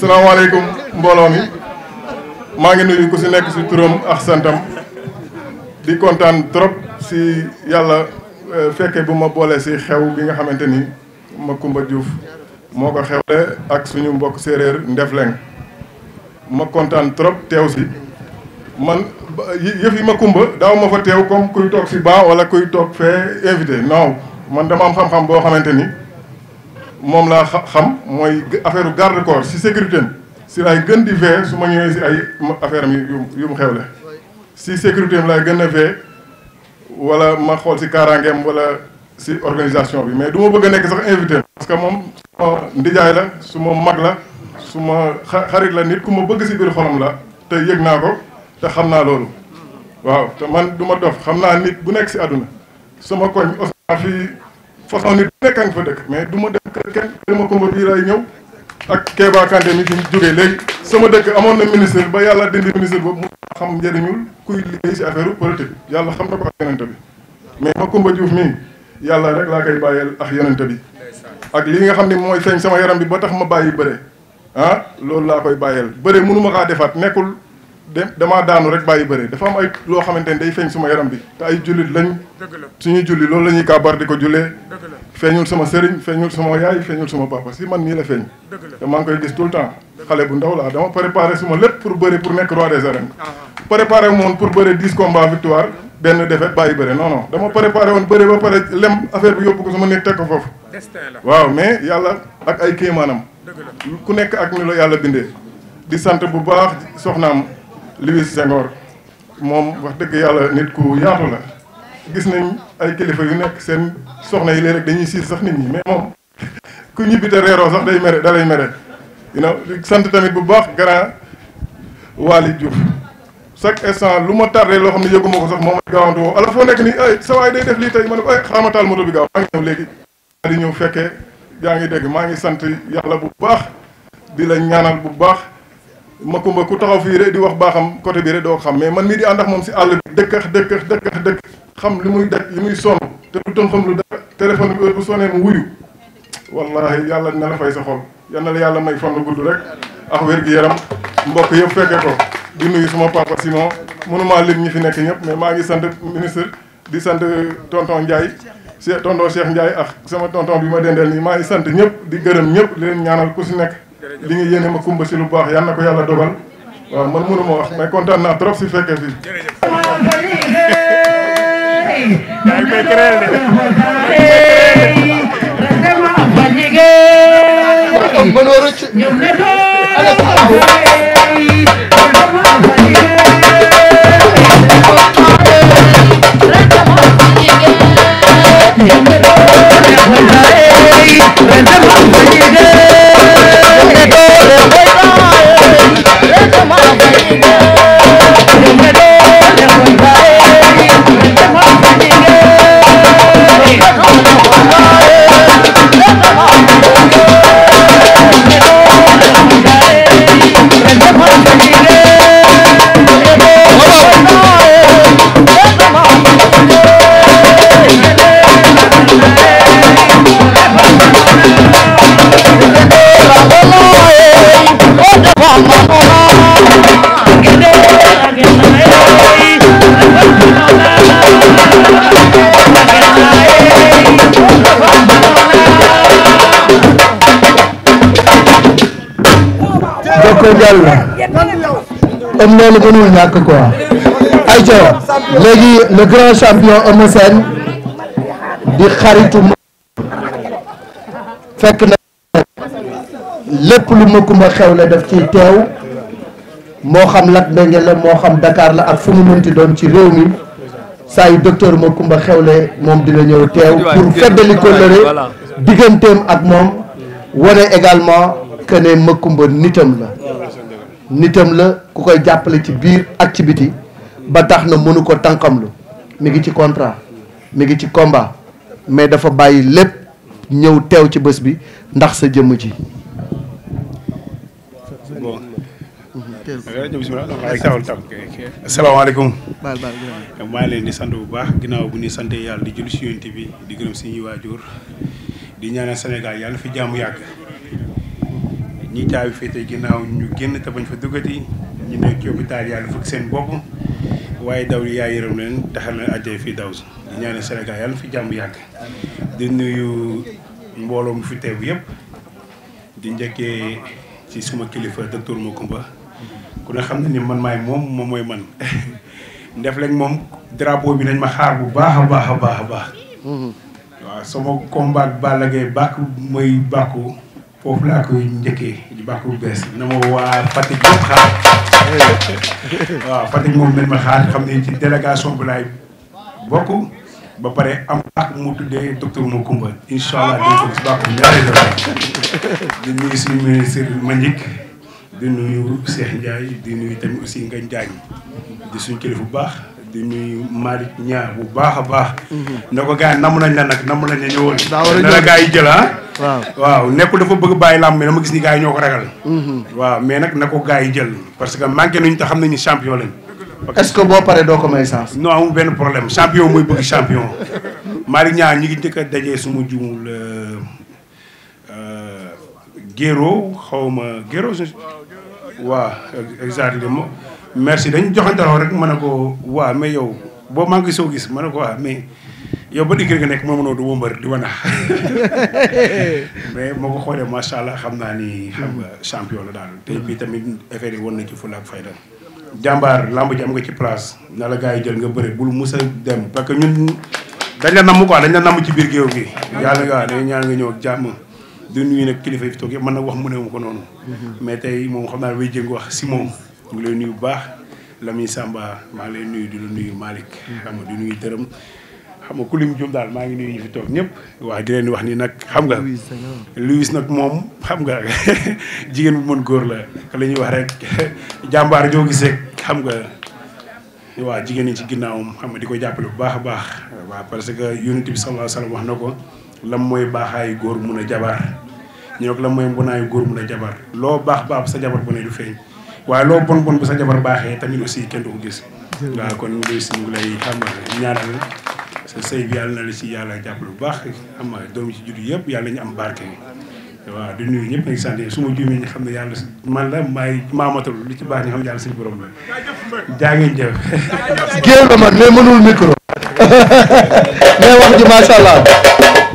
salaamaaleykum mbooloo mi maa ngi nuyu ku si nekk si turam ak santam di kontaan trop si yàlla euh, fekkee bu ma boolee si xew bi nga xamante ni Macoumba Diouf moo ko xewle ak suñu mbokk séeréer leen ma kontaan trop teew si man yëf yi Macoumba daaw ma fa teew comme kuy toog si baa wala kuy toog fee invité non man dama am xam-xam boo xamante ni moom laa xam mooy affaire garde corps si sécurité si laay gën di veillé su ma ñëwee si ay affaire am yu mu xewle si sécurité am laay gën a veillé wala ma xool si kaaraangeem wala si organisation bi mais du ma bëgg a nekk sax invité parce que moom su ma ndijaay la su ma mag la su ma xarit la nit ku ma bëgg si biir xolam la te yëg naa ko te xam naa loolu waaw te man du ma dof xam naa nit bu nekk si àdduna sama koñ Osman fii façon nit nekk nga fa dëkk mais du ma def kër kenn kër ma Kumba Biray ñëw ak Kéba Kanté mi fi jógee léegi sama dëkk amoon na ministre ba yàlla dindi ministre boobu mu xam njëriñul kuy liggéey si affaire politique yàlla xam na ko ak yonente bi mais ma Kumba Diouf mii yàlla rek laa koy bàyyeel ak yonente bi ak li nga xam ne mooy feeñ sama yaram bi ba tax ma bàyyi bëre ah loolu laa koy bàyyeel bëre mënuma kaa defaat nekkul de damaa daanu rek bàyyi bëri dafa am ay loo xamante ni day feeñ suma yaram bi te ay jullit lañ suñuy julli loolu la ñuy kaabar di ko jullee feeñul sama sëriñ feeñul sama yaay feeñul sama papa si man nii la feeñ te maa koy gis tout xale bu ndaw laa dama préparé suma lépp pour bëri pour nekk roi des arènes ah. préparé woon pour bëri dix combats victoire benn défaite bàyyi bëri non dama préparé woon bëri ba pare lem affaire bi yóbbu ko sama Louis Senghor moom wax dëgg yàlla nit ku yaatu la gis nañ ay kilifa yu nekk seen soxna yi léeg-léeg dañuy siis sax nit ñi mais moom ku ñibbi te reeroo sax day mere dalay mere you sant tamit bu baax grand Waly Diouf chaque instant lu ma tardé loo xam ne yëguma ko sax moom ay gaawantu woo ala foo nekk ni ay sa waay day def lii tey ma ne ko ay eh, xaaral taal moto bi gaaw maa ngi ñëw léegi di ñëw fekkee yaa ngi dégg maa ngi sant yàlla bu baax di la ñaanal bu baax Makumba ku taxaw fii rek di wax baaxam côté bi rek doo xam mais man mii di ànd ak moom si àll bi dëkkax dëkkax dëkkax dëkk xam li muy daj li muy sonn te du tën xam lu dara téléphone bi bu sonee mu wuyu wallahi yàlla dina la fay sa xol yal na la yàlla may fan gudd rek ak wér gi yaram mbokk yëpp fekke ko di nuyu suma papa Simon mënumaa lim ñi fi nekk ñëpp mais maa ngi sant ministre di sant tonton Ndiaye tonton Cheikh Ndiaye ak sama tonton bi ma dendeel nii maa ngi sant ñëpp di gërëm ñëpp leen ñaanal ku si nekk li nga yéene ma kumba baax yal na ko yàlla dogal waaw man mënuma wax mais kontaan naa si fekkee fii. jërëjëf. ko jàll kon loolu mënul ñàkk quoi ayca léegi le grand champion Eumeu Sène di xaritu fekk na lépp lu ma kumba xewle def ciy teew moo xam Lat Mbengue la moo xam dakaar la ak fu mu mënti doon ci réew mi saa yi docteur ma kumba xewle moom dina ñëw teew pour feddali kóllëre digganteem ak moom wane également que ne Makumba nitam la nitam la ku koy jàppale ci biir ak ci biti ba tax na mënu ko tànkamlu mi ngi ci contrat mi ngi ci komba mais dafa bàyyi lépp ñëw teew ci bés bi ndax sa jëmm ji asalaamaaleykum maa ngi leen di sant bu baax ginnaaw bu ñuy sant yàlla di julli si yonent bi di gërëm suñuy waajur di ñaanal senegal yàlla fi jàmm yàgg ñu taaw féete ginnaaw ñu génn te bañ fa duggati ñu nekk ci hôpital yàlla fukk seen bopp waaye daw li yaa yërëm leen taxal leen àjjee fii daw si di ñaanal Sénégal yàlla fi jàmm yàgg di nuyu mbooloo mu fi teew yëpp di njëkkee ci suma kilifa docteur Macoumba ku ne xam ne ni man maay moom moom mooy man ndef lañ moom drapeau bi nañ ma xaar bu baax a baax a baax a baax mm-hmm. waaw sama combat Balla Gaye bàkk mooy bàkku foofu laa koy njëkkee di baax bu bees na ma waa Fatick moom xaar waaw Fatick moom nañ ma xaar xam ne ci délégation bu laay bokk ba pare am ak mu tuddee docteur Macoumba incha allah dañ ko ci baax bu ñaari di nuyu suñu ministre Mandick di nuyu Cheikh Ndiaye di nuyu tamit aussi Ngagne Diagne di suñu kilifa baax di nuyu Malick Niang bu baax a baax. na ko gars yi namm nañ la nag namm nañ la ñëwoon. daa war a yi jël ah. waaw waaw nekkul dafa bëgg bàyyi làmb mais dama gis ni gars yi ñoo ko ragal. waaw mais nag na ko gars yi jël. parce que manqué nañu te xam nañu champion lañ. est-ce que boo paree doo ko may chance. non amul benn problème champion mooy bëgg champion. Malick Niang ñi ngi njëkk a dajee su ma juumul euh, euh, Géro xawma ma Géro. waa exactement merci dañ joxante loxo rek ma ne ko waa mais yow boo maa soo gis ma ne ko waa mais yow ba digg nga nekk moo mënoo du wëmbar di ma nax mais moo ko xoolee macha allah xam naa ni xam nga champion la daal te bii tamit affaire yi woon na ci fulla ak fayda jàmbaar lamb ji am nga ci place na la gars yi jël nga bëri bul mus a dem parce que ñun dañ la namm quoi dañ la namm ci biir géew gi yàlla nga ne ñaan nga ñëw ak jàmm di nuyu nag kilifa yi fi toog yëpp man nag wax mu ne ma ko noonu. Mhm. mais tey moom xam naa way jëng wax si moom. mu ngi lay nuyu bu baax Lamine Samba maa ngi lay nuyu di la nuyu Malick. Mhm. xam nga di nuyu dërëm. xam nga ku lim jum daal maa ngi nuyu ñu fi toog ñëpp. waaw di leen wax nii nag xam nga. Louis nag moom xam nga jigéen bu mën góor la. la ñuy wax rek jàmbaar joo gis rek xam nga. waa jigéen ñi ci ginnaawam xam nga di ko jàppale bu baax a baax. waaw parce que yonent bi sallallahu alayhi wa wax na ko. lam mooy baaxaayu góor mun a jabaar. ñu la mooy mbonaayu góor mun a jabar loo baax baax sa jabar bu du feeñ waaye loo bon bon bu sa jabar baaxee tamit aussi kenn du ko gis waaw kon Louis ñu ngi lay xam ñaanal sa na la ci yàlla jàpp lu baax xam nga doom si juddu yëpp yàlla ñu am barke waaw di nuyu ñëpp nag sant su ma juumee ñu xam ne yàlla man la maay maamatul lu ci baax ñu xam ne yàlla suñu borom la jaa ngeen jëf géew la man mais mënul micro mais wax ji macha allah